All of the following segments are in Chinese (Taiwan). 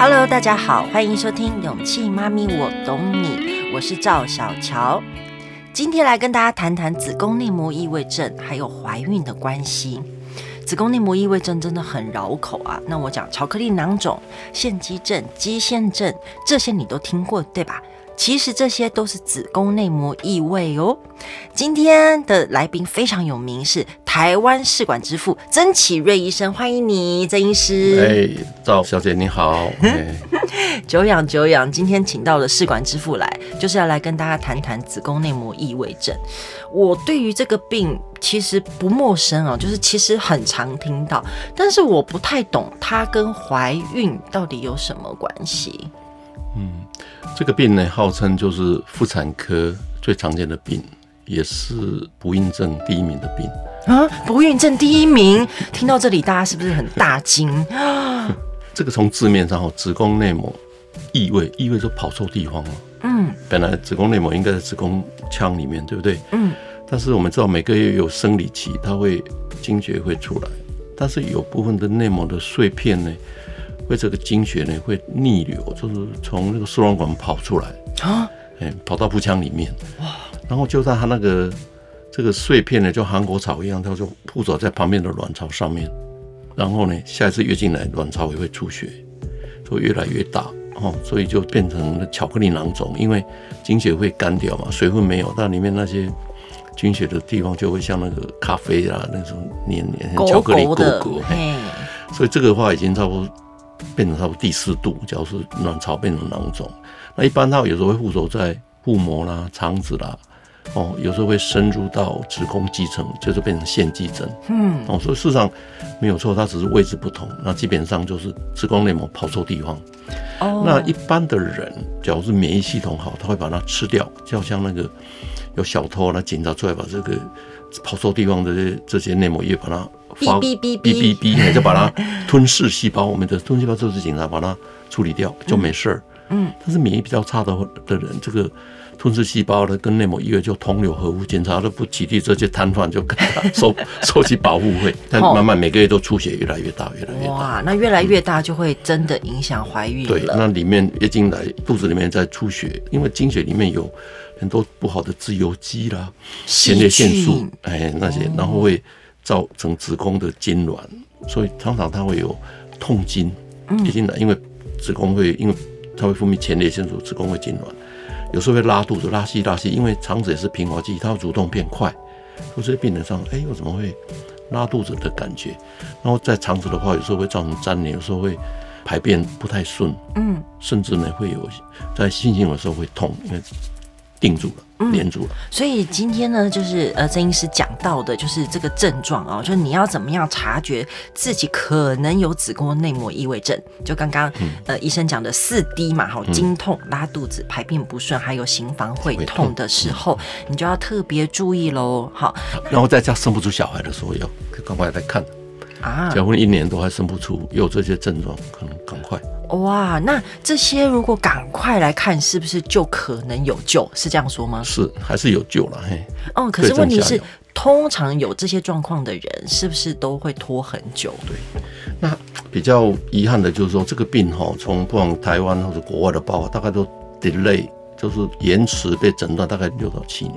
Hello，大家好，歡迎收聽《勇氣媽咪，我懂你》，我是趙小喬，今天來跟大家談談子宮內膜異位症還有懷孕的關係。子宮內膜異位症真的很繞口啊，那我講巧克力囊腫、腺肌症、肌腺症，這些你都聽過對吧？其實這些都是子宮內膜異位哦。今天的來賓非常有名，是台灣試管之父曾啟瑞醫生，歡迎你，曾醫師。哎、欸，趙小姐你好，欸、 久仰久仰。今天請到了試管之父來，就是要來跟大家談談子宮內膜異位症。我對於這個病其實不陌生哦、啊，就是其實很常聽到，但是我不太懂它跟懷孕到底有什麼關係？嗯。這個病呢，號稱就是婦產科最常見的病，也是不孕症第一名的病啊！不孕症第一名， 聽到這裡大家是不是很大驚啊？ 這個從字面上吼，子宮內膜異位，異位就跑錯地方了。嗯，本來子宮內膜應該在子宮腔裡面，對不對？嗯，但是我們知道每個月有生理期，它會經血會出來，但是有部分的內膜的碎片呢。會這個經血呢，會逆流，就是從那個輸卵管跑出來啊，蛤、欸，跑到腹腔裡面哇，然後就在它那個這個碎片呢，就韓國草一樣，它就附著在旁邊的卵巢上面，然後呢，下一次月經來，卵巢也會出血，就越來越大哦，所以就變成了巧克力囊腫，因為經血會乾掉嘛，水分沒有，但裡面那些經血的地方就會像那個咖啡啊，那種黏黏，黏、巧克力勾勾、果果，欸、所以這個的話已經差不多。變成差不多第四度，假如是卵巢變成囊腫，那一般它有時候會附着在腹膜啦、腸子啦，哦，有時候會深入到子宮肌層，就是變成腺肌症，嗯，哦，所以事實上沒有錯，它只是位置不同，那基本上就是子宮內膜跑錯地方。哦，oh. 那一般的人，假如是免疫系統好，它會把它吃掉，就好像那個有小偷，那警察出來把這個。跑錯地方的這這些內膜液把它，嗶嗶嗶嗶嗶，就把它吞噬細胞， 我們的吞噬細胞就是警察，把它處理掉就沒事。嗯，但是免疫比較差的的人，這個吞噬細胞的跟內膜液就同流合汙，警察都不起地不取締，這些攤販就跟他收收起保護費，但慢慢每個月都出血越來越大，越來越。哇，那越來越大就會真的影響懷孕。嗯、對，那裡面月經來肚子裡面在出血，因為經血裡面有。很多不好的自由基啦，前列腺素，哎，那些，然後會造成子宮的痙攣，所以常常它會有痛經，畢竟呢，因為子宮會，因為它會分泌前列腺素，子宮會痙攣，有時候會拉肚子、拉稀、拉稀，因為腸子也是平滑肌，它會蠕動變快，所以病人上，哎，我怎麼會拉肚子的感覺？然後在腸子的話，有時候會造成粘連，有時候會排便不太順，嗯，甚至呢會有在性行的時候會痛，因為。定住了，連住了、嗯。所以今天呢，就是呃，曾醫師講到的，就是這個症狀啊、哦，就是你要怎麼樣察覺自己可能有子宮內膜異位症？就剛剛、嗯、呃醫生講的四 D 嘛，好，經痛、拉肚子、排便不順，還有行房會痛的時候，嗯、你就要特別注意嘍。好，然後在家生不出小孩的時候，要趕快來看。啊，結婚一年多還生不出，有這些症狀，可能趕快。哇，那這些如果趕快來看，是不是就可能有救？是這樣說嗎？是，還是有救啦嘿。哦，可是問題是，通常有這些狀況的人，是不是都會拖很久？對，那比較遺憾的就是說，這個病哈，從不管台灣或者國外的報導，大概都 delay。就是延遲被診斷大概六到七年，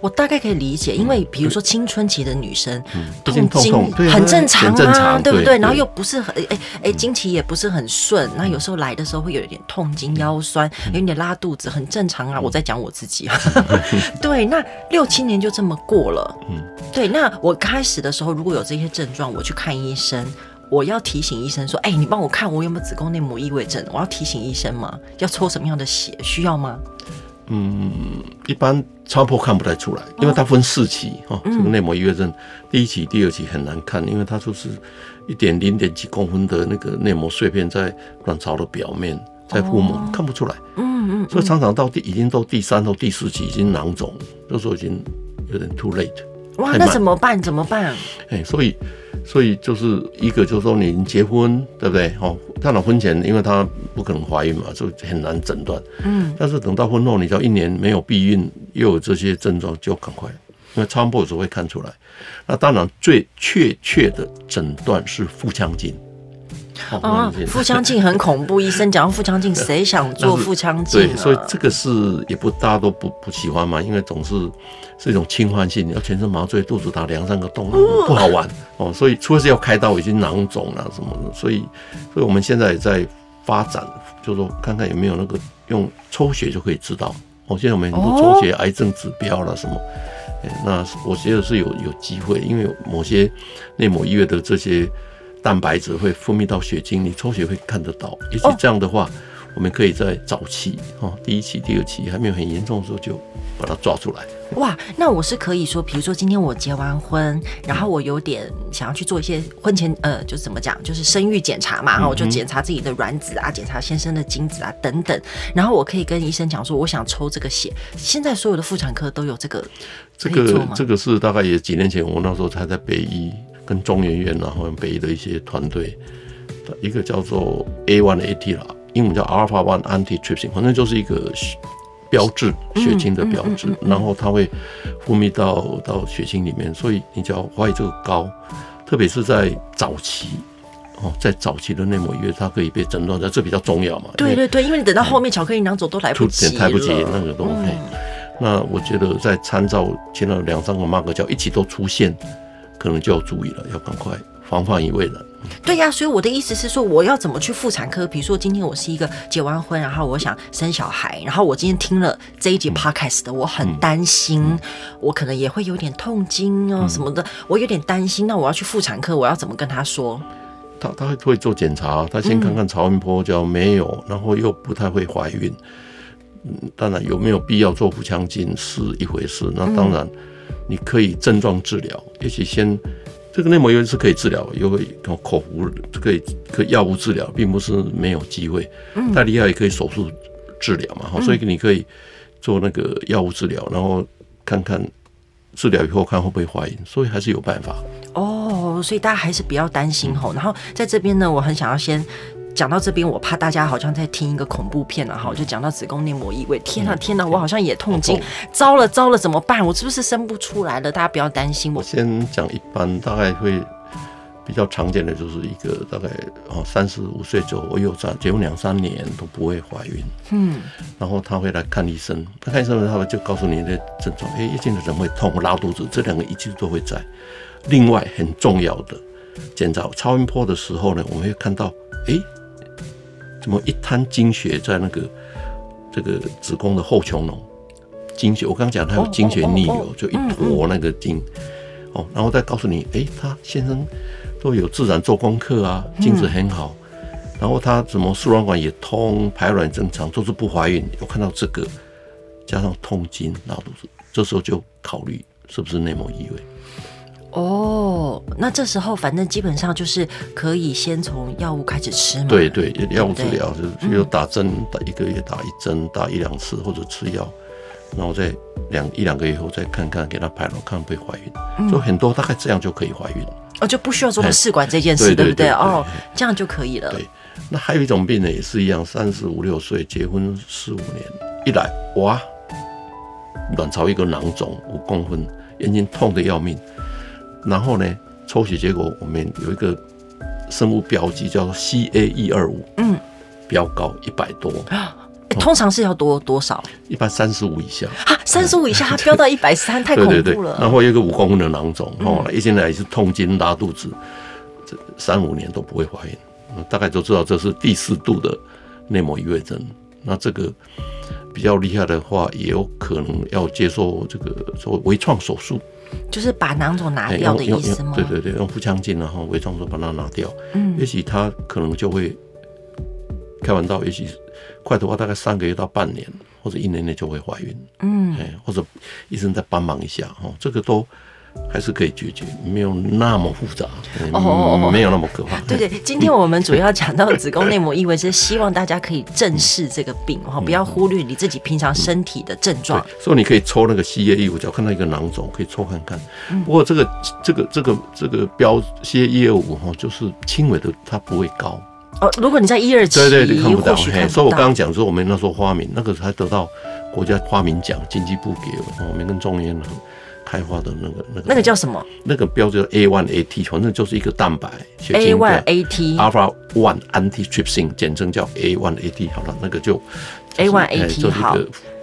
我大概可以理解，嗯、因為比如說青春期的女生、嗯、痛經很正常啊，嗯、對不對？然後又不是很哎哎、欸欸、經期也不是很順，那有時候來的時候會有一點痛經、嗯、腰酸，嗯、有點拉肚子，很正常啊。我在講我自己， 對，那六七年就這麼過了，嗯，對，那我開始的時候如果有這些症狀，我去看醫生，我要提醒醫生說，哎、欸，你幫我看我有沒有子宮內膜異位症？我要提醒醫生嗎？要抽什麼樣的血？需要嗎？嗯，一般超波看不太出來，因為它分四期哈、哦哦。這個內膜異位症、嗯、第一期、第二期很難看，因為它就是一點零點幾公分的那個內膜碎片在卵巢的表面在腹膜，哦、看不出來。嗯，嗯嗯。所以常常到第已經到第三到第四期，已經囊腫，就說已經有點 too late。太哇，那怎麼辦？怎麼辦？哎、欸，所以，所以就是一個，就是說你已經結婚，對不對？哦，當然婚前，因為他不可能懷孕嘛，就很難診斷。嗯，但是等到婚後，你只要一年沒有避孕，又有這些症狀，就很快，因為超音波只會看出來。那當然最確切的診斷是腹腔鏡。哦、啊，腹腔鏡很恐怖，醫生講腹腔鏡，誰想做腹腔鏡？對，所以這個是也不大家都不不喜歡嘛，因為總是是一種侵犯性，你要全身麻醉，肚子打兩三個洞，不好玩哦，哦。所以除非是要開刀，已經囊腫了什麼的，所以所以我們現在也在發展，就是說看看有沒有那個用抽血就可以知道。我、哦、現在我們很多抽血癌症指標了什麼、哦欸，那我覺得是有有機會，因為某些內某醫院的這些。蛋白質會分泌到血清，你抽血會看得到。也許這樣的話，哦、我們可以在早期哦，第一期、第二期還沒有很嚴重的時候，就把它抓出來。哇，那我是可以說，比如說今天我結完婚，然後我有點想要去做一些婚前呃，就怎麼講，就是生育檢查嘛，然後我就檢查自己的卵子啊，檢、嗯、哼，檢查先生的精子啊等等。然後我可以跟醫生講說，我想抽這個血。現在所有的婦產科都有這個，這個這個是大概也幾年前，我那時候還在北醫。跟中研院然、啊、後北醫的一些團隊，一個叫做 A one 的 AT 了，A、t，英文叫 Alpha one Anti Trypsin，反正就是一個標誌血清的標誌，嗯嗯嗯、然後它會分泌到到血清裡面，所以你只要懷疑這個高，特別是在早期哦，在早期的內膜炎它可以被診斷，但這比較重要嘛。對對對，因為你等到後面巧克力囊腫都來不及了。出太不及那個東西。嗯、那我覺得在參照前了兩三個 marker 叫一起都出現，可能就要注意了，要趕快防範於未然，對呀、啊，所以我的意思是說，我要怎麼去婦產科？比如說，今天我是一個結完婚，然後我想生小孩，然後我今天聽了這一集 podcast 的、嗯，我很擔心，嗯嗯、我可能也會有點痛經哦、喔嗯、什麼的，我有點擔心。那我要去婦產科，我要怎麼跟他說？他他會做檢查，他先看看超音波照沒有，嗯、然後又不太會懷孕。嗯，當然有沒有必要做腹腔鏡是一回事，那當然。嗯你可以症狀治療，也許先這個內膜異位是可以治療，有口服這個可以、可以藥物治療，並不是沒有機會。太厲害也可以手術治療嘛，嗯、所以你可以做那個藥物治療，然後看看治療以後看會不會懷孕，所以還是有辦法。哦，所以大家還是不要擔心吼。嗯、然後在這邊呢，我很想要先。講到這邊，我怕大家好像在聽一個恐怖片了哈！就講到子宮內膜異位，天哪、啊，天哪、啊，我好像也痛經，嗯嗯、糟了糟了，糟了，怎麼辦？我是不是生不出來了？大家不要擔心我，我先講一般，大概會比較常見的就是一個大概哦三十五歲左右，我有在結婚兩三年都不會懷孕，嗯，然後他會來看醫生，他看醫生的時候就告訴你的症狀，哎、欸，月經的人會痛，拉肚子，這兩個一定都會在。另外很重要的檢查超音波的時候呢，我們會看到，哎、欸。什麼一灘經血在那個這個子宮的後穹窿。經血我剛剛講他有經血逆流，哦哦哦哦、就一坨那個經，嗯、哦，然後再告訴你，哎、嗯欸，他先生都有自然做功課啊，精子很好，嗯、然後他怎麼輸卵管也通，排卵正常，都是不懷孕。我看到這個加上痛經，然後都是這時候就考慮是不是內膜異位。哦，oh, 那這時候反正基本上就是可以先從藥物開始吃嘛。對對，藥物治療對就比如，打針，嗯、打一個月打一針，打一兩次或者吃藥，然後再兩一兩個月以後再看看給她排卵，看會不會懷孕。嗯、就很多大概這樣就可以懷孕，哦，就不需要做個試管這件事， 對不對，對？哦， 這樣就可以了。對。那還有一種病人也是一樣，三十五六歲結婚四五年，一來哇，卵巢一個囊腫五公分，眼睛痛得要命。然後呢，抽血結果我們有一個生物標記叫 CA 125, 1二五，嗯，飆高一百多，嗯、欸，通常是要多多少？一般三十五以下。啊，三十五以下， 對對對，它飆到一百三，太恐怖了。對對對，然後一個五公分的囊腫，哦，嗯，嗯、一直以來是痛經、拉肚子，這三五年都不會懷孕，大概都知道這是第四度的內膜異位症。那這個比較厲害的話，也有可能要接受這個做微創手術。就是把囊腫拿掉的意思嗎？對對對，用腹腔鏡然後微創術把它拿掉，嗯，也許他可能就會開完刀，也許快的話大概三個月到半年或者一年內就會懷孕，嗯，哎，或者醫生再幫忙一下哈，這個都。還是可以解決，沒有那麼複雜，oh, oh, oh, oh. 沒有那麼可怕。對，對對，嗯、今天我們主要講到子宮內膜異位，是希望大家可以正視這個病，哈、嗯，不要忽略你自己平常身體的症狀，嗯嗯嗯。所以你可以抽那個 CA125，看到一個囊腫，可以抽看看。嗯、不過這個這個這個這個標 CA125，哈，就是輕微的，它不會高。哦，如果你在一二期，對對，對，就看不到。不到，所以我剛剛講說，我們那時候發明那個才得到國家發明獎，經濟部給，我、哦、們跟中研院。開發的那個那個那個叫什麼？那個標誌叫 A one A T，反正就是一個蛋白。1 in, A 1 A T Alpha one Antitrypsin，簡稱叫 A one A T。好了，那個就、就是、1 A one A T 好，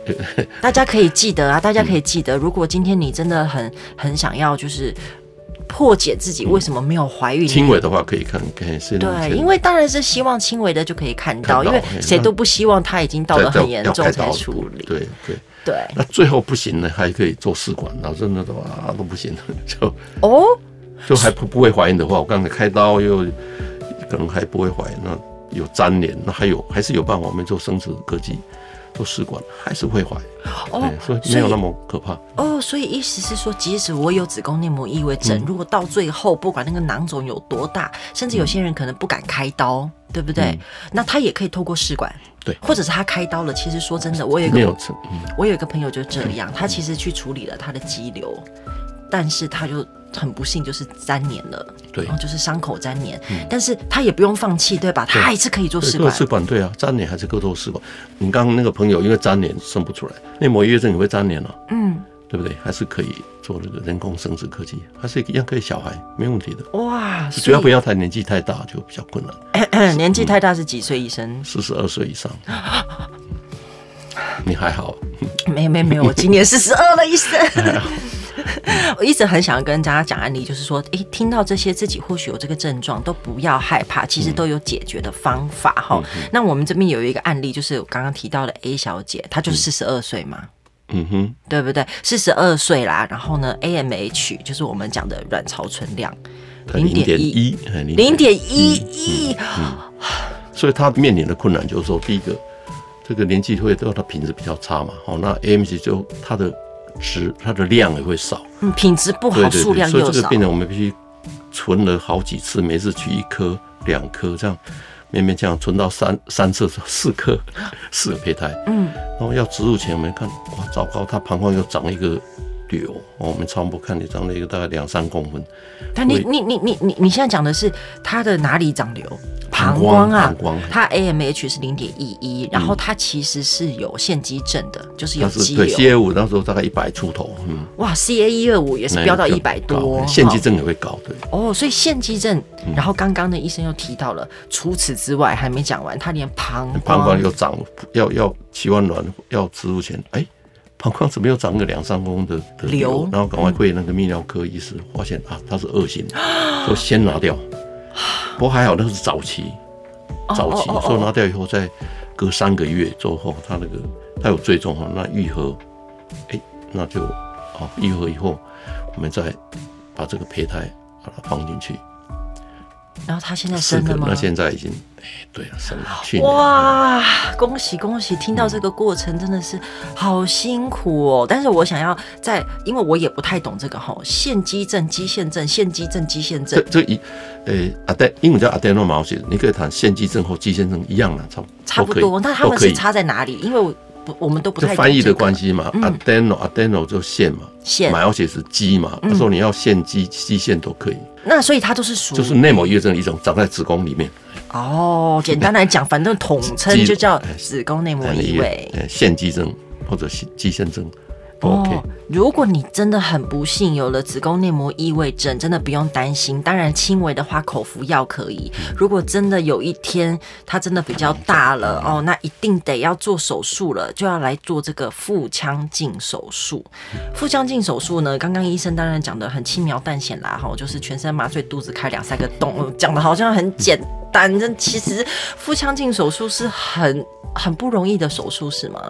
欸、大家可以記得啊，欸、大家可以記得。嗯、如果今天你真的很很想要，就是破解自己為什麼沒有懷孕，輕、嗯、微的話可以看可以看。對，先因為當然是希望輕微的就可以看到，看到因為誰都不希望他已經到得很嚴重才處理。對，對對。對，那最後不行呢？還可以做試管啊。那真的都啊都不行了，就哦，就還不不會懷孕的話，我剛才開刀又可能還不會懷，那有粘連，那還有還是有辦法，我們做生殖科技做試管還是會懷哦，所以沒有那麼可怕哦。所以意思是說，即使我有子宮內膜異位症，嗯，如果到最後不管那個囊腫有多大，甚至有些人可能不敢開刀，嗯，對不對？嗯，那他也可以透過試管。對，或者是他開刀了，其實說真的，我有一個朋友，我有一個朋友就這樣，他其實去處理了他的肌瘤，但是他就很不幸就是粘連了，對，然後、嗯、就是傷口粘連，嗯、但是他也不用放棄，對吧？他還是可以做試管，試管對啊，粘連還是可以做試管。你剛剛那個朋友因為粘連生不出來，內膜異位症也會粘連呢，嗯。對不對？還是可以做那個人工生殖科技，還是一樣可以小孩，沒問題的。哇，主要不要太年紀太大就比較困難。咳咳嗯、年紀太大是幾歲醫生？四十二歲以上。 你還好？沒有沒有沒有，我今年四十二了，醫生 好。 我一直很想跟大家講案例，就是說，哎，聽到這些，自己或許有這個症狀，都不要害怕，其實都有解決的方法哈。嗯、哼那我們這邊有一個案例，就是我剛剛提到的 A 小姐，她就是四十二歲嘛。嗯嗯哼，對不對？四十二歲啦，然後呢，AMH 就是我們講的卵巢存量，零點一，零點一一， 所以他面臨的困難就是說，第一個，這個年紀會，它的品質比較差嘛，好，那 AMH 就它的值，它的量也會少，嗯，品質不好，對對對，數量又少，所以這個變成我們必須存了好幾次，每次取一顆、兩顆這樣。勉勉強強存到三三次，四顆四個胚胎，嗯，然後要植入前我們看，哇，糟糕，它膀胱又長了一個。我們超音波看你長了一個大概兩三公分，但你你你你你現在講的是他的哪裡長瘤？膀胱啊，膀胱膀胱，它 AMH 是零點一一，然後它其實是有腺肌症的，嗯、就是有肌瘤。CA 五那時候大概一百出頭，嗯。哇，CA 一二五也是飆到一百多，腺肌、啊、症也會高，對好。哦，所以腺肌症，嗯、然後剛剛的醫生又提到了，除此之外還沒講完，他連膀胱，膀胱又長，要要取完卵，要植入前，哎。好，剛子沒有長個兩三公分的瘤，然後趕快去那個泌尿科醫師，發現啊，他是惡性，說先拿掉。不過還好，那是早期，早期說拿掉以後，再隔三個月之後，他那個他有追蹤哈，那愈合，哎，那就啊愈合以後，我們再把這個胚胎把它放進去。然後他現在是，生了嗎？那現在已經。對了、啊，什麼？哇！恭喜恭喜！聽到這個過程真的是好辛苦哦。但是我想要在，因為我也不太懂這個吼，腺肌症、肌腺症、腺肌症、肌腺症。這這一，誒，阿戴英文叫阿戴諾毛血，你可以講腺肌症和肌腺症一樣啊，差差不多。那他們是差在哪裡？因為我不，我們都不太懂、這個、翻譯的關係嘛。阿戴諾，阿戴諾就腺嘛，毛血線是肌嘛。他說你要腺肌、肌腺都可以。那所以它就是屬就是內膜異位症的一種，長在子宮裡面。哦，簡單來講，反正統稱就叫子宮內膜異位，腺肌症或者肌腺症。哦，如果你真的很不幸有了子宮內膜異位症，真的不用擔心。當然輕微的話口服藥可以。如果真的有一天它真的比較大了哦，那一定得要做手術了，就要來做這個腹腔鏡手術。腹腔鏡手術呢，剛剛醫生當然講的很輕描淡寫啦，哈，就是全身麻醉，肚子開兩三個洞，講的好像很簡單，但其實腹腔鏡手術是很很不容易的手術，是嗎？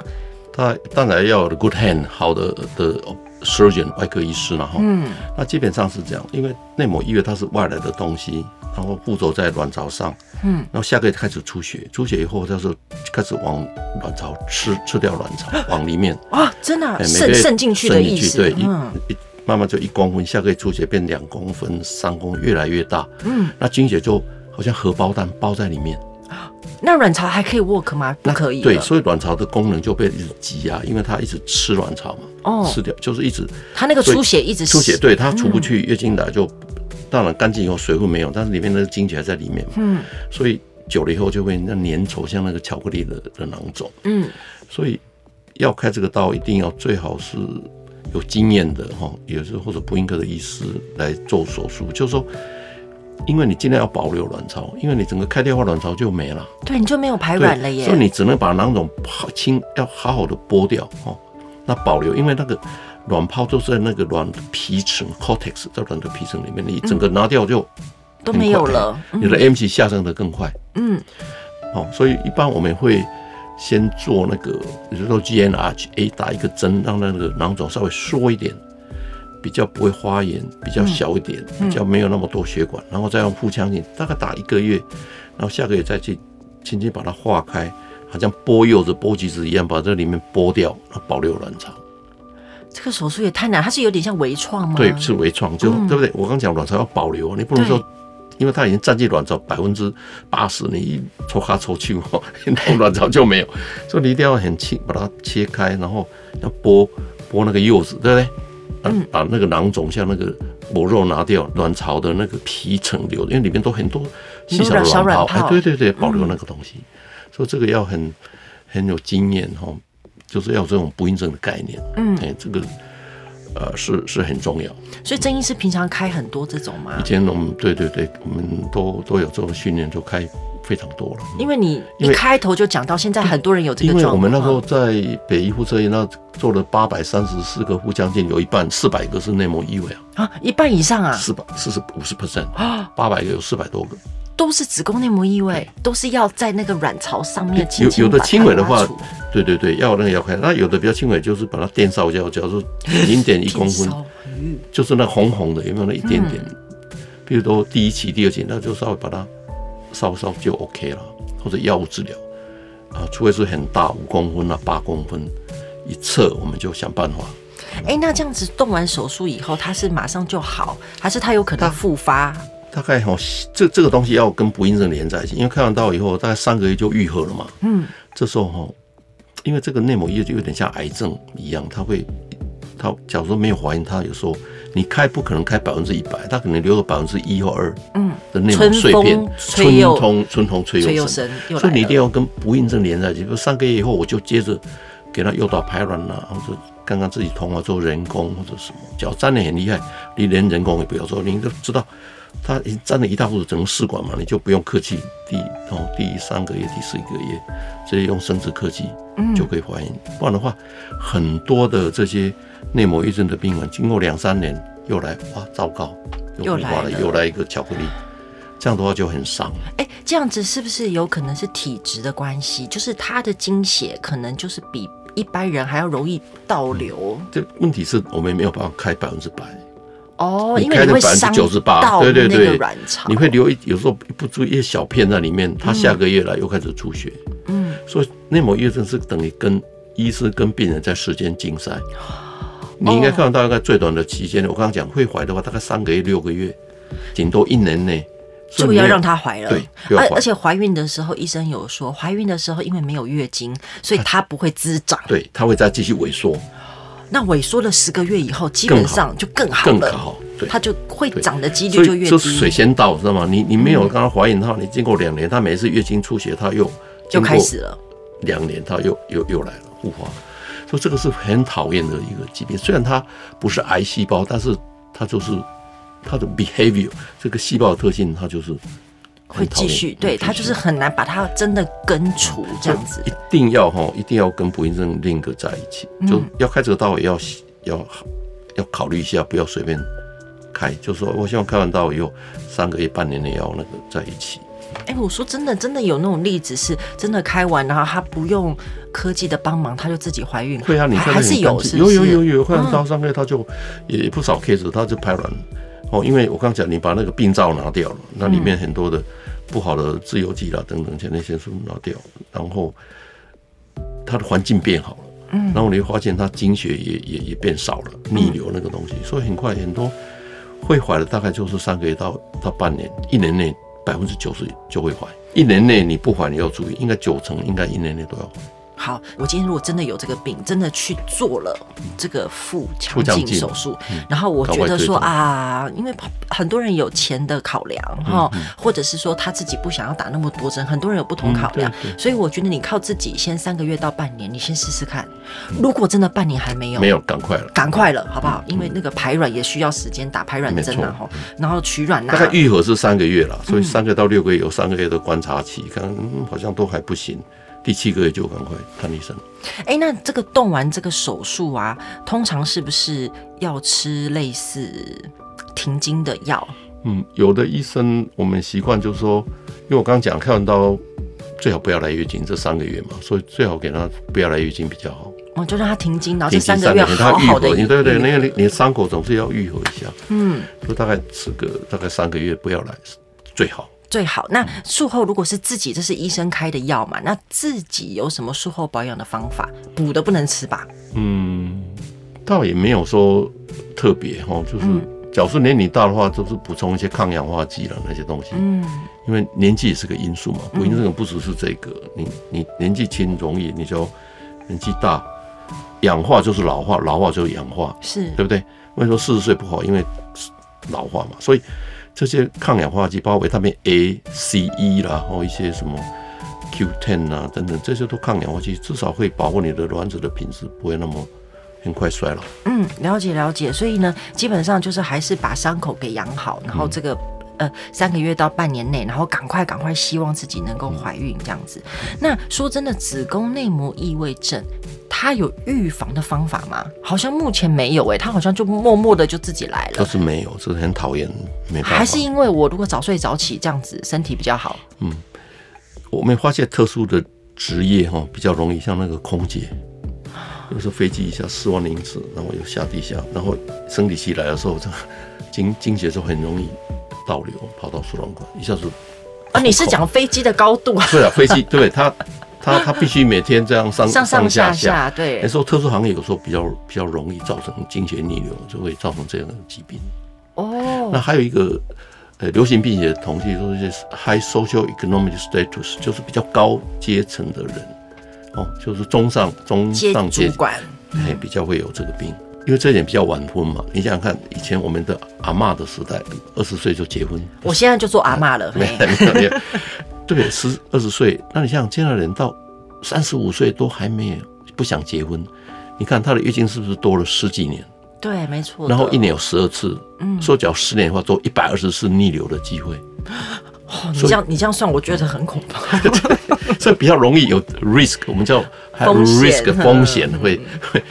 他當然要有 good hand 好的、的 surgeon 外科醫師嘛哈。嗯。那基本上是這樣，因為內膜異位它是外來的東西，然後附着在卵巢上。嗯。然後下個月開始出血，出血以後就是開始往卵巢吃吃掉卵巢，往裡面。啊，真的、啊。滲滲進去的意思。對，一一慢慢就一公分，下個月出血變兩公分、三公，越來越大。嗯。那經血就好像荷包蛋包在裡面。那卵巢還可以 work 嗎？不可以，對，所以卵巢的功能就被一直擠壓，因為它一直吃卵巢嘛，哦，吃掉就是一直它那個出血一直出血，對，它出不去，月經來就當然乾淨以後水會沒有，但是裡面那個經血還在裡面，嘛。嗯，所以久了以後就會那粘稠像那個巧克力的的囊腫，嗯，所以要開這個刀一定要最好是有經驗的哈，也就是或者不孕科的醫師來做手術，就是說。因為你盡量要保留卵巢，因為你整個開掉話，卵巢就沒了，對，你就沒有排卵了耶，所以你只能把囊腫好清，要好好的剝掉哦，那保留，因為那個卵泡都在那個卵的皮層 （cortex） 在卵的皮層裡面，你整個拿掉就、嗯、都沒有了，你的 MC 下降的更快，嗯，哦，所以一般我們會先做那個，比如說 GnRH A 打一個針，讓那個囊腫稍微縮一點。比較不會發炎，比較小一點，比較沒有那麼多血管，嗯、然後再用腹腔鏡，大概打一個月，然後下個月再去輕輕把它化開，好像剝柚子、剝橘子一樣，把這裡面剝掉，然後保留卵巢。這個手術也太難，它是有點像微創嗎？對，是微創，就、嗯、就對不對，對？我剛講卵巢要保留、啊，你不能說，對 因為它已經占據卵巢百分之八十，你一抽哈抽去，那 卵巢就沒有。所以你一定要很輕把它切開，然後要剝剝那個柚子，對不對，對？嗯，把那個囊腫像那個母肉拿掉，卵巢的那個皮層留，因為裡面都很多細小的卵泡，哎、對對對，保留那個東西，嗯、所以這個要很很有經驗哈，就是要有這種不孕症的概念，嗯，哎，這個呃是是很重要，所以曾醫師平常開很多這種嗎？以前我們對對對，我們都都有這種訓練，就開。非常多了，嗯、因為你一開頭就講到現在，很多人有這種。因為我們那時候在北醫附設醫院那做了八百三十四個腹腔鏡，有一半四百個是內膜異位啊，啊一半以上啊，四百四十五十 percent 啊，八百個有四百多個、啊，都是子宮內膜異位，都是要在那個卵巢上面輕輕有。有有的輕微的話，對，對對對，要那個要開；那有的比較輕微，就是把它電燒，假如說零點一公分， 水就是那紅紅的，有沒有那一點點？譬、嗯、如說第一期、第二期，那就稍微把它。稍稍就 OK 了，或者藥物治療，啊，除非是很大，五公分啊、八公分，一側我們就想辦法。哎、欸，那這樣子動完手術以後，他是馬上就好，還是他有可能復發？嗯、大概哈、哦，這這個東西要跟不孕症連在一起，因為開完刀以後大概三個月就癒合了嘛。嗯，這時候哈、哦，因為這個內膜異位就有點像癌症一樣，他會，他假如說沒有懷孕，他有時候。你開不可能開百分之一百，他可能留個百分之一或二。嗯。的那種碎片，嗯、春,風春通春通吹又生所以你一定要跟不孕症連在一起。比如三個月以後，我就接着給他誘導排卵啦、啊，或者剛剛自己通了、啊、做人工，或者什麼。腳粘的很厲害，你連人工也不要做，你都知道他已經粘了一大部分整個試管嘛，你就不用客氣第哦，第三個月、第四個月，直接用生殖科技、嗯、就可以懷孕。不然的話，很多的這些。內膜異位症的病人，經過兩三年又來，哇，糟糕，又,了又來了，又來一個巧克力，這樣的話就很傷。哎、欸，這樣子是不是有可能是體質的關係？就是他的經血可能就是比一般人還要容易倒流。嗯、這問題是，我們沒有辦法開百分之百。哦，你開那個百分之98，因為你會傷到那個卵巢，對對對，你會留一有時候不注意一小片在裡面，嗯、他下個月來又開始出血。嗯，所以內膜異位症是等於跟醫師跟病人在時間競賽。你應該看到，大概最短的期間，我剛剛講會懷的話，大概三個月、六個月，頂多一年內，就要讓她懷了。而而且懷孕的時候，醫生有說，懷孕的時候因為沒有月經，所以她不會滋長，啊、對，她會再繼續萎縮。那萎縮了十個月以後，基本上就更好了。更好，對，她就會長的幾率就越低。所以是水先到，知道嗎？你你沒有剛剛懷孕的話，你經過兩年，她每次月經出血，她又就開始了。兩年，她又、又又又來了，復發。說這個是很討厭的一個疾病，雖然它不是癌細胞，但是它就是它的 behavior，這個細胞的特性，它就是會繼續，對，它就是很難把它真的根除、嗯、這樣子。一定要哈，一定要跟不孕症另一個在一起，就要開這個刀，也要要要考慮一下，不要隨便開。就是、說我希望開完刀以後三個月、半年內要那個在一起。哎，欸、我說真的，真的有那種例子是真的開完，然後他不用科技的幫忙，他就自己懷孕。會啊，你還是有是是，有，有，有，快到三個月他就也不少 case，他就排卵哦。嗯、因為我剛講，你把那個病灶拿掉了，那裡面很多的不好的自由基啦等等，像那些都拿掉，然後他的環境變好了，嗯，然後你會發現他經血也也也變少了，逆流那個東西，嗯、所以很快很多會懷的大概就是三個月到到半年，一年內。百分之九十就會懷，一年內，你不懷你要注意，應該九成應該一年內都要懷。好，我今天如果真的有這個病，真的去做了這個腹腔鏡手術，然後我覺得說啊，因為很多人有錢的考量哈，或者是說他自己不想要打那麼多針，很多人有不同考量，所以我覺得你靠自己先三個月到半年，你先試試看。如果真的半年還沒有，沒有趕快了，趕快了，好不好？因為那個排卵也需要時間打排卵針，然後然後取卵，大概癒合是三個月了，所以三個到六個月有三個月的觀察期，看，嗯，好像都還不行。第七個月就趕快看醫生。哎、欸，那這個動完這個手術啊，通常是不是要吃類似停經的藥？嗯，有的醫生我們習慣就是說，因為我剛剛講，開完刀最好不要來月經這三個月嘛，所以最好給他不要來月經比較好。哦、啊，就讓他停經，然後這三個月，好好的癒合。對對對，那個你傷口總是要癒合一下。嗯，就大概這個大概三個月不要來最好。最好。那術後如果是自己，這是醫生開的藥嘛？那自己有什麼術後保養的方法？補都不能吃吧？嗯，倒也沒有說特別哦，就是假如年齡大的話，就是補充一些抗氧化劑了那些東西。嗯，因為年紀也是個因素嘛，不，因這個不只是這個，嗯、你你年紀輕容易，你就年紀大氧化就是老化，老化就是氧化，是對不對？為什麼四十歲不好，因為是老化嘛，所以。這些抗氧化劑，包括維他命 A、C、E 啦，或、喔、一些什麼 Q10 啊等等，這些都抗氧化劑，至少會保護你的卵子的品質，不會那麼很快衰老。嗯，了解了解。所以呢，基本上就是還是把傷口給養好，然後這個。嗯呃，三個月到半年內，然後趕快趕快，希望自己能夠懷孕這樣子。那說真的，子宮內膜異位症它有預防的方法嗎？好像目前沒有哎、欸，它好像就默默的就自己來了。都是沒有，這、就、個、是、很討厭，沒辦法。還是因為我如果早睡早起這樣子，身體比較好。嗯，我沒發現特殊的職業哈，比較容易，像那個空姐， 有時候飛機一下四萬英尺，然後又下地下，然後生理期來的時候，這個經經血就很容易。倒流跑到輸卵管，一下子，啊！你是講飛機的高度啊？哦、對啊，飛機對他，它它必須每天這樣上上上下下。下下對，那時候特殊行業有時候比較比較容易造成經血逆流，就會造成這樣的疾病。哦，那還有一個呃，流行病學統計就是 high social economic status 就是比較高階層的人哦，就是中上中上階層，哎、嗯，比較會有這個病。因為這一點比較晚婚嘛，你想想看，以前我們的阿嬤的時代，二十歲就結婚。我現在就做阿嬤了。對，十二十歲，那你像現在的人到三十五歲都還沒有不想結婚，你看他的月經是不是多了十幾年？對，沒錯。然後一年有十二次，嗯，說只要十年的話，做一百二十次逆流的機會。嗯哦，你這樣你這樣算，我覺得很恐怖，所，以嗯、 所以比較容易有 risk，我們叫 r i risk 風險會會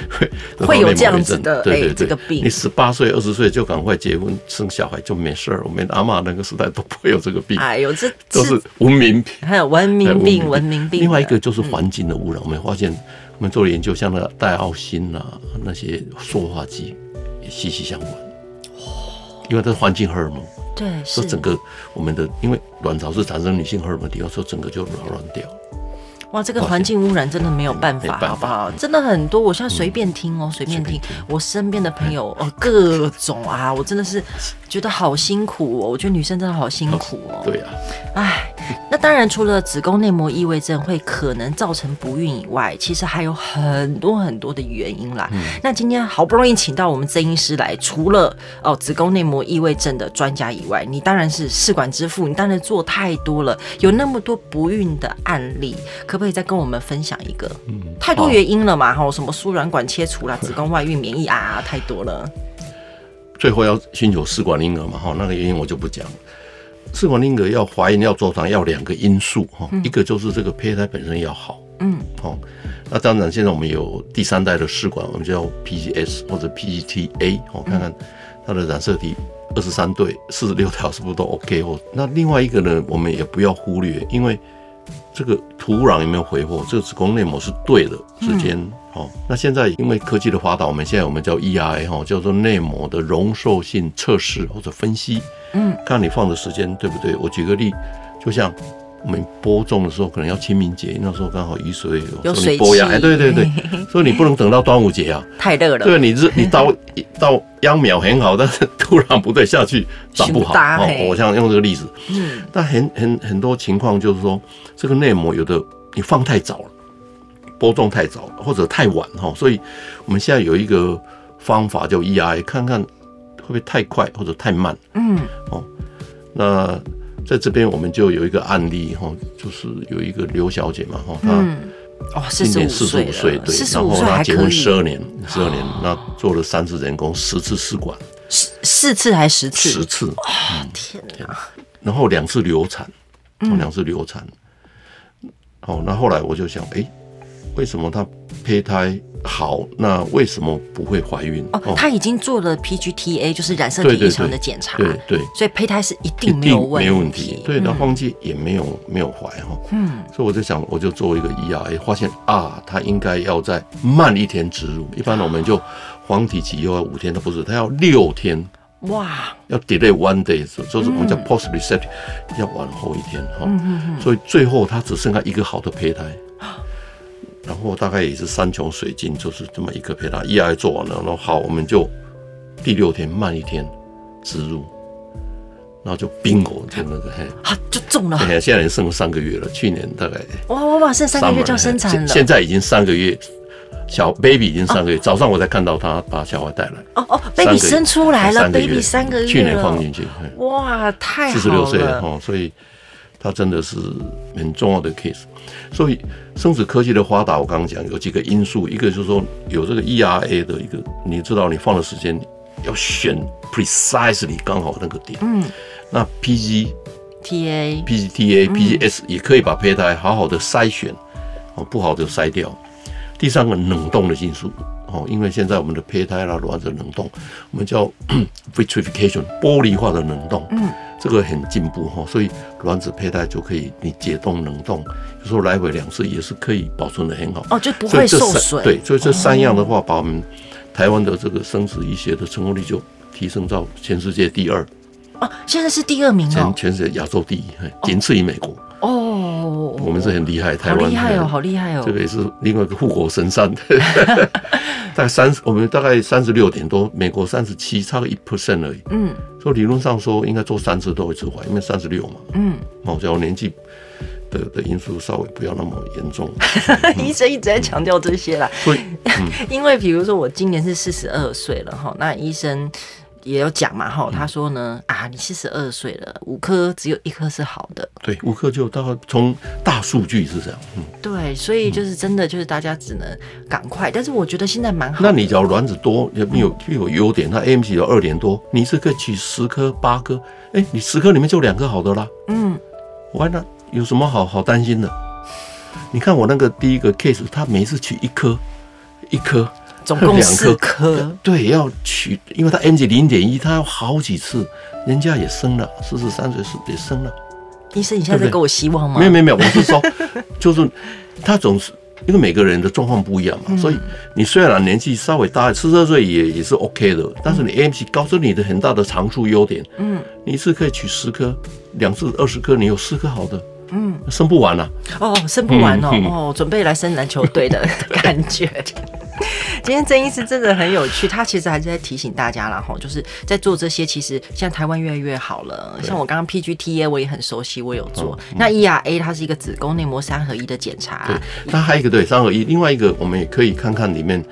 會會有這樣子的對這個病。你十八歲二十歲就趕快結婚生小孩就沒事兒，我們阿嬤那個時代都不會有這個病。哎喲，這都是文明病，還有文明病文明病。另外一個就是環境的污染，我們發現我們做了研究，像那戴奧辛吶那些塑化劑也息息相關，因為它是環境荷爾蒙。對，是說整個我們的，因為卵巢是產生女性荷爾蒙的地方，所以整個就擾亂掉。哇，這個環境污染真的沒有辦法，好不好？真的很多，我現在隨便聽哦，隨便聽、嗯、隨便聽，便聽我身邊的朋友哦，各種啊，我真的是覺得好辛苦哦。我覺得女生真的好辛苦哦。對呀、啊。唉，那當然，除了子宮內膜異位症會可能造成不孕以外，其實還有很多很多的原因啦。嗯、那今天好不容易請到我們曾醫師來，除了哦子宮內膜異位症的專家以外，你當然是試管之父，你當然做太多了，有那麼多不孕的案例，可。會再跟我們分享一個，嗯，太多原因了嘛，哈、哦，什麼輸卵管切除了， 子宮外孕，免疫啊啊，太多了。最後要尋求試管嬰兒嘛，哈，那個原因我就不講了。試管嬰兒要懷孕要著床要兩個因素哈，嗯、一個就是這個胚胎本身要好，嗯，哈、哦，那當然現在我們有第三代的試管，我們叫 PGS 或者 PGT-A，我看看它的染色體二十三對四十六條是不是都 OK 哦？那另外一個呢，我們也不要忽略，因為。這個土壤有沒有回貨？這個子宮內膜是對的，時間、嗯、哦。那現在因為科技的發達，我們現在我們叫 E I 哈，叫做內膜的容受性測試或者分析，嗯，看你放的時間對不對？我舉個例，就像。我們播種的時候可能要清明節，那時候剛好雨水有播秧哎，對對對，所以你不能等到端午節啊，太熱熱了。對，你你到到秧苗很好，但是突然不對，下去長不好，哦、我想用這個例子，嗯，但很很很多情況就是說，這個內膜有的你放太早了，播種太早了或者太晚哈，哦，所以我們現在有一個方法叫 E.I，看看會不會太快或者太慢，嗯，哦，那。在這邊我們就有一個案例哈，就是有一個劉小姐嘛哈，她哦，今年四十五歲，對，然後她結婚十二年，十二年，那做了三次人工，十次試管，四四次還是十次？十次啊！天哪！然後兩次流產，嗯，兩次流產。好，那後來我就想，欸，為什麼她？胚胎好，那為什麼不會懷孕？哦，他已經做了 PGT A，就是染色體異常的檢查，對，對對，所以胚胎是一定沒有問題一定沒問題，對。那黃體也沒有、嗯、沒有懷哈，嗯。所以我就想，我就作為一個 ERA，哎，發現啊，他應該要再慢一天植入。一般我們就黃體期又要五天，他不是，他要六天。哇！要 delay one day，就是我們叫 post reception、嗯、要往後一天哈。嗯嗯嗯。所以最後他只剩下一個好的胚胎。然後大概也是山窮水盡，就是這麼一個胚胎，一胎做完了，然後好，我們就第六天慢一天植入，然後就冰果就那個嘿、啊，就中了，現在也剩三個月了，去年大概哇哇哇，剩三個月就要生產了，現在已經三個月，小 baby 已經三個月，哦、早上我才看到他把小孩帶來，哦哦，哦，baby 生出來了三、呃、三，baby 三個月，去年放進去，哇，太好了，四十六歲了哈，嗯，所以。它真的是很重要的 case，所以生殖科技的發達，我剛剛講有幾個因素，一個就是說有這個 ERA 的一個，你知道你放的時間要選 precisely 剛好那個點，嗯，那 PGTA、PGTA、PGS、嗯、也可以把胚胎好好的篩選，哦，不好的篩掉。第三個冷凍的因素哦，因為現在我們的胚胎啦卵子冷凍，我們叫 vitrification 玻璃化的冷凍，嗯。這個很進步哈，所以卵子胚胎就可以，你解凍冷凍，有時候來回兩次也是可以保存的很好哦，就不會受損。對，所以這三樣的話，哦、把我們台灣的這個生殖醫學的成功率就提升到全世界第二。啊、哦，現在是第二名了、哦，全全世界亞洲第一，僅次於美國。哦哦哦，oh, 我們是很厲害的，台灣厲害哦，好厲害哦、嗯，這個也是另外一個護國神山， 大概三十，我們大概三十六點多，美國三十七，差個一 percent 而已。嗯，所以理論上說應該，應該做三次都會治好，因為三十六嘛。嗯，那、嗯、我覺得我年紀的的因素稍微不要那麼嚴重、啊。 醫生一直在強調這些啦，嗯、所、嗯、因為比如說我今年是四十二歲了哈，那醫生。也有講嘛哈，他說呢、嗯、啊，你四十二歲了，五顆只有一顆是好的，對，五顆就大概從大數據是這樣，嗯，對，所以就是真的就是大家只能趕快，嗯、但是我覺得現在蠻好。那你只要卵子多沒有有有優點，他 AMH 有二點多，你這個取十顆八顆，哎、欸，你十顆裡面就兩顆好的啦，嗯，完了有什麼好好擔心的？你看我那個第一個 case，他每次取一顆一顆。總共兩顆，顆。對，要取，因為他 M G 零點一，他要好幾次，人家也生了，四十三歲是也生了。醫生，你現在在給我希望嗎？沒，沒，沒有沒有有，我是說，就是他總是因為每個人的狀況不一樣嘛，所以你雖然年紀稍微大，四十二歲也也是 O、OK、K 的，但是你 M G 高是你的很大的長處優點，嗯，你一次可以取十顆，兩次二十顆，你有四顆好的，嗯，生不完啦、啊。嗯、哦，生不完哦，嗯、哦，準備來生籃球隊的感覺。今天曾醫師真的很有趣，他其實還是在提醒大家，然後就是在做這些，其實現在台灣越來越好了。像我剛剛 P G T A 我也很熟悉，我有做。那 E R A 它是一個子宮內膜三合一的檢查，對，那還有一個對三合一，另外一個我們也可以看看裡面，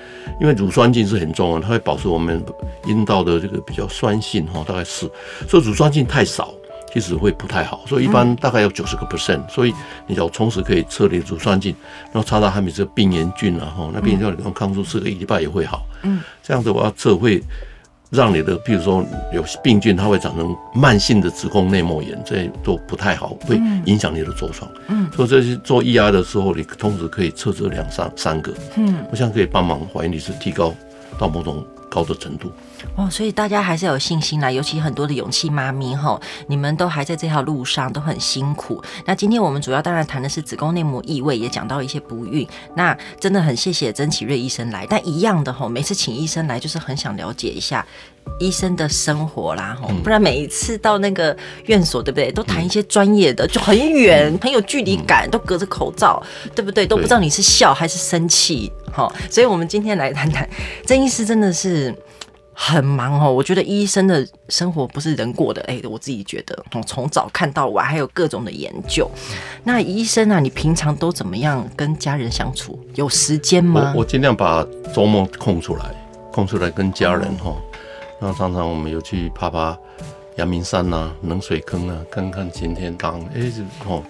因為乳酸菌是很重要，它會保持我們陰道的這個比較酸性哈，大概是，所以乳酸菌太少。其實會不太好，所以一般大概要九十個 percent，所以你要同時可以測乳酸菌，然後查查他你是病原菌然、啊、哈，那病原菌你用抗生素吃個一禮拜也會好。嗯嗯這樣子我要測會讓你的，譬如說有病菌它會長成慢性的子宮內膜炎，這都不太好，會影響你的著床。嗯，嗯，所以這些做抑、e、壓的時候，你同時可以測這兩三三個。嗯，我想可以幫忙懷孕率是提高到某種高的程度，哦，所以大家還是有信心啦，尤其很多的勇氣媽咪吼，你們都還在這條路上，都很辛苦。那今天我們主要當然談的是子宮內膜異位，也講到一些不孕。那真的很謝謝曾啟瑞醫生來，但一樣的吼、哦、每次請醫生來就是很想了解一下。醫生的生活啦，不然每一次到那個院所，對不對？嗯、都談一些專業的，嗯、就很遠，很有距離感，嗯、都隔着口罩，對不對？都不知道你是笑還是生氣，哈對。所以，我們今天來談談，曾醫師真的是很忙哦。我覺得醫生的生活不是人過的，哎、欸，我自己覺得，我從早看到晚，還有各種的研究。那醫生啊，你平常都怎麼樣跟家人相處？有時間嗎？我我盡量把周末空出來，空出來跟家人，哈。那常常我們有去爬爬陽明山吶、啊，冷水坑啊，看看擎天崗。哎、欸，哦，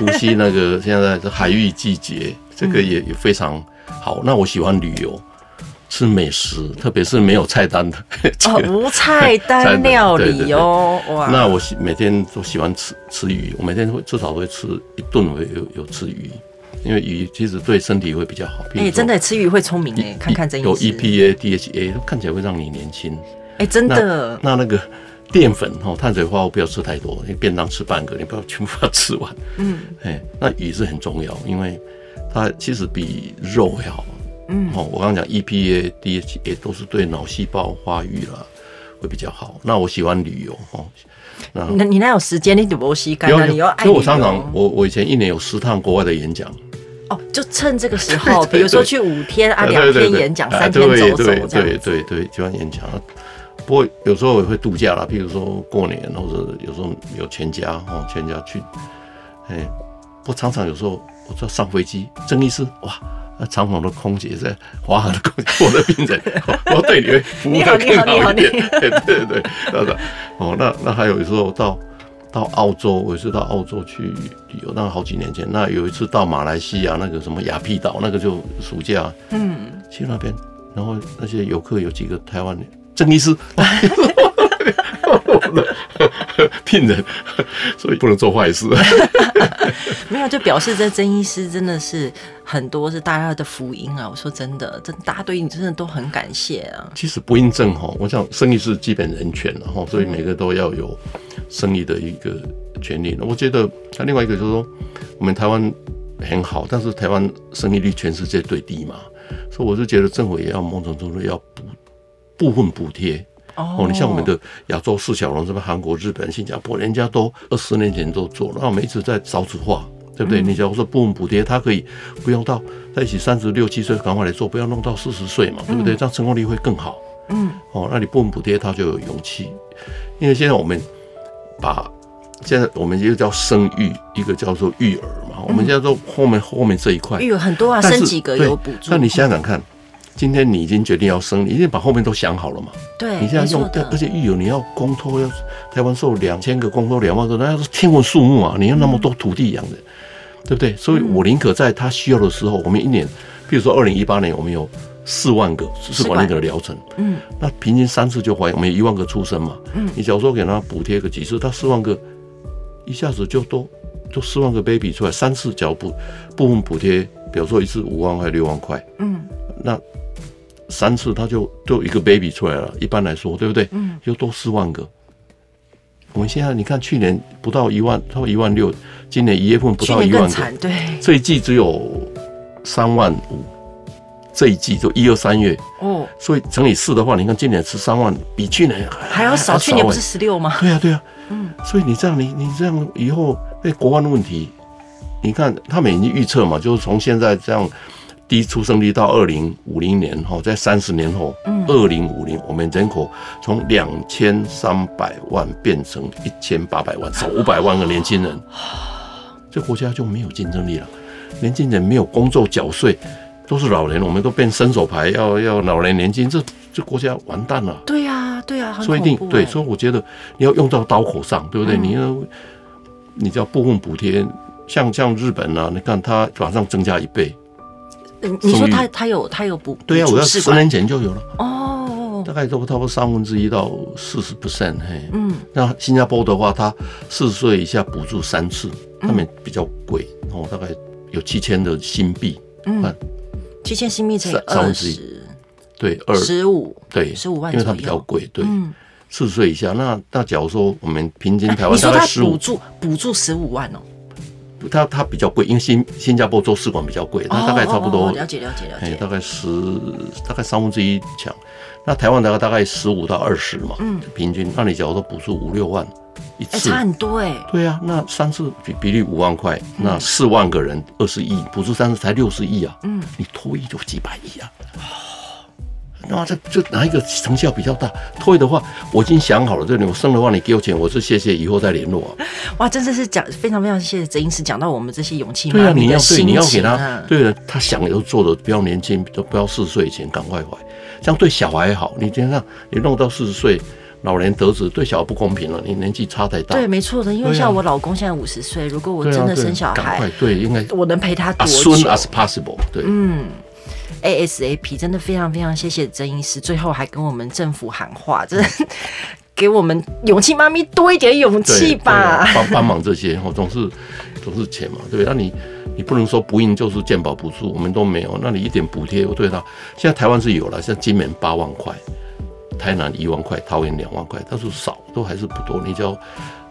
無錫那個現在是海芋季節， 這個也也非常好。那我喜歡旅遊，吃美食，特別是沒有菜單的哦， 無菜單料理哦， 對對對，哇！那我喜每天都喜歡吃吃魚，我每天會至少會吃一頓會有有吃魚，因為魚其實對身體會比較好。哎、欸，真的、欸、吃魚會聰明哎、欸，e、BA，看看這真有 EPA DHA，看起來會讓你年輕。哎、真的那，那那個澱粉哦，碳水化合物不要吃太多。你便當吃半個，你不要全部把它吃完。嗯，哎、欸，那魚是很重要，因為它其實比肉還好。嗯，哦，我剛剛講 EPA DHA 也都是對腦細胞發育了會比較好。那我喜歡旅遊哦，那你你哪有時間，你都不稀罕，有你又要愛。所以我常常我我以前一年有十趟國外的演講。哦，就趁這個時候，比如說去五天啊，兩天演講，對對對三天走走對對對，對對對，喜歡演講。不過有時候我也會度假啦，譬如說過年，或者有時候有全家哦，全家去，哎、欸，我常常有時候，我坐上飛機，曾醫師哇，那、啊、長榮的空姐在，華航的空姐我的病人，我對你會服務的更好一點，對、欸、對，對對對 哦，那那還有一次到到澳洲，我是到澳洲去旅遊，那好幾年前，那有一次到馬來西亞，那個什麼亞庇島，那個就暑假，嗯，去那邊，然後那些遊客有幾個台灣人。曾醫師騙 人，所以不能做壞事。 沒有，就表示這曾醫師真的是很多是大家的福音啊！我說真的，這大家對你真的都很感謝啊！其實不孕症哈，我想生育是基本人權，所以每個都要有生育的一個權利。嗯、我覺得他另外一個就是說，我們台灣很好，但是台灣生育率全世界最低嘛，所以我就覺得政府也要某種程度要補。部分補貼哦，你像我們的亞洲四小龍，什麼韓國、日本，新加坡，人家都二十年前都做，然後我們一直在少子化，對不對？嗯、你假如說部分補貼，它可以不用到在一起三十六七歲趕快來做，不要弄到四十歲嘛，對不對？嗯、這樣成功率會更好。嗯,嗯，哦，那你部分補貼，它就有勇氣，因為現在我們把現在我們一個叫生育，一個叫做育兒嘛，我們現在都後面後面這一塊有很多啊，生是幾個有補助。那你想想,想看。今天你已經決定要生你，你已經把後面都想好了嘛？對，你現在用，錯而且育有你要公托要台灣收兩千個公托兩萬個，那要是天文數目啊！你要那麼多土地養的，嗯、對不對？所以我寧可在他需要的時候，我們一年，比如說二零一八年，我們有四萬個四萬個療程，嗯，那平均三次就懷孕，我們有一萬個出生嘛，嗯，你假如說給他補貼個幾次，他四萬個一下子就都都四萬個 baby 出來，三次只補部分補貼，比如說一次五萬塊六萬塊，嗯，那。三次他就就一個 baby 出來了，一般來說，對不對？嗯，就多四萬個。我們現在你看，去年不到一萬，超一萬六，今年一月份不到一萬，更慘，對。這一季只有三萬五，這一季就一、二、三月。哦。所以乘以四的話，你看今年十三萬，比去年、啊、還要少，啊少欸、去年不是十六嗎？對啊，對啊，對啊。嗯。所以你這樣，你你這樣以後哎、欸，國外的問題，你看他們已經預測嘛，就是從現在這樣。低出生率到二零五零年後，在三十年後，二零五零，我們人口從兩千三百萬變成一千八百萬，少五百萬個年輕人，哦哦、這國家就沒有競爭力了。年輕人沒有工作繳稅，都是老人，我們都變伸手牌，要要老年年金，這這國家完蛋了。對呀、啊，對呀、啊，所以一定對，所以我覺得你要用到刀口上，對不對？你要，你叫部分補貼，像像日本啊，你看它馬上增加一倍。你說他他有他有補助，對啊，我要十年前就有了哦，大概都差不多三分之一到四十趴，嘿，嗯，那新加坡的話，他四十歲以下補助三次，他們比較貴，哦，大概有七千的新幣，嗯，七千新幣乘以三分之一，對，二十五，對，十五萬，因為他比較貴，對，四十歲以下，那那假如說我們平均台灣大概補助補助十五萬哦。它它比較貴，因為新新加坡做試管比較貴，它大概差不多哦哦哦哦，了解了解了解，欸、大概十大概三分之一強，那台灣大概大概十五到二十嘛，嗯，平均，嗯、那你假如說補助五六萬一次，差、欸、很多、欸、對啊，那三次比比例五萬塊，那四萬個人二十億補助三次才六十億啊，嗯，你脫衣就幾百億啊。那這、啊、就拿一個成效比較大退的話，我已經想好了，這裡我生的話，你給我錢，我說謝謝，以後再聯絡啊。哇，真的是講非常非常謝謝，曾醫師講到我們這些勇氣對啊，你，啊你要對你要給他，對啊，他想要做的不要年輕，都不要四十歲以前趕快懷，這樣對小孩也好。你今天看你弄到四十歲老年得子，對小孩不公平了，你年紀差太大。對，沒錯的，因為像我老公現在五十歲，啊、如果我真的生小孩，趕、啊、快對應該我能陪他多久 as soon as possible 對，嗯。ASAP，真的非常非常謝謝曾醫師，最後還跟我們政府喊話，真的給我們勇氣，媽咪多一點勇氣吧，幫幫忙這些哈，總是總是錢嘛，對不對？那你你不能說不應就是健保不助，我們都沒有，那你一點補貼，我對他，現在台灣是有了，像金門八萬塊，台南一萬塊，桃園兩萬塊，但是少都還是不多，你就要。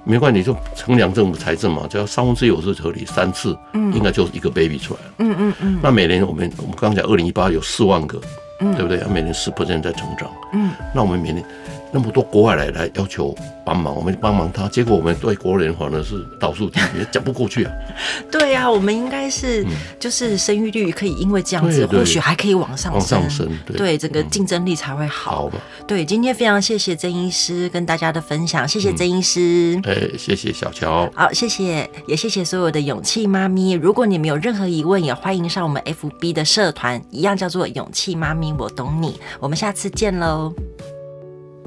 沒關係，就衡量政府財政嘛，只要三分之一我是合理，三次，應該就是一個 baby 出來了，嗯嗯嗯嗯、那每年我們我們剛講二零一八有四萬個，對不對、啊？要每年十 percent 在成長，嗯，嗯，嗯嗯、那我們每年。那麼多國外來來要求幫忙，我們幫忙他，結果我們對國聯華呢是倒數，也講不過去啊。 對啊，我們應該是，嗯、就是生育率可以因為這樣子，對對對或許還可以往上升往上升，對，整、這個競爭力才會好。嗯、好對，今天非常謝謝曾醫師跟大家的分享，謝謝曾醫師，哎、嗯欸，謝謝小喬，好，謝謝，也謝謝所有的勇氣媽咪。如果你們有任何疑問，也歡迎上我們 FB 的社團，一樣叫做勇氣媽咪，我懂你。我們下次見嘍。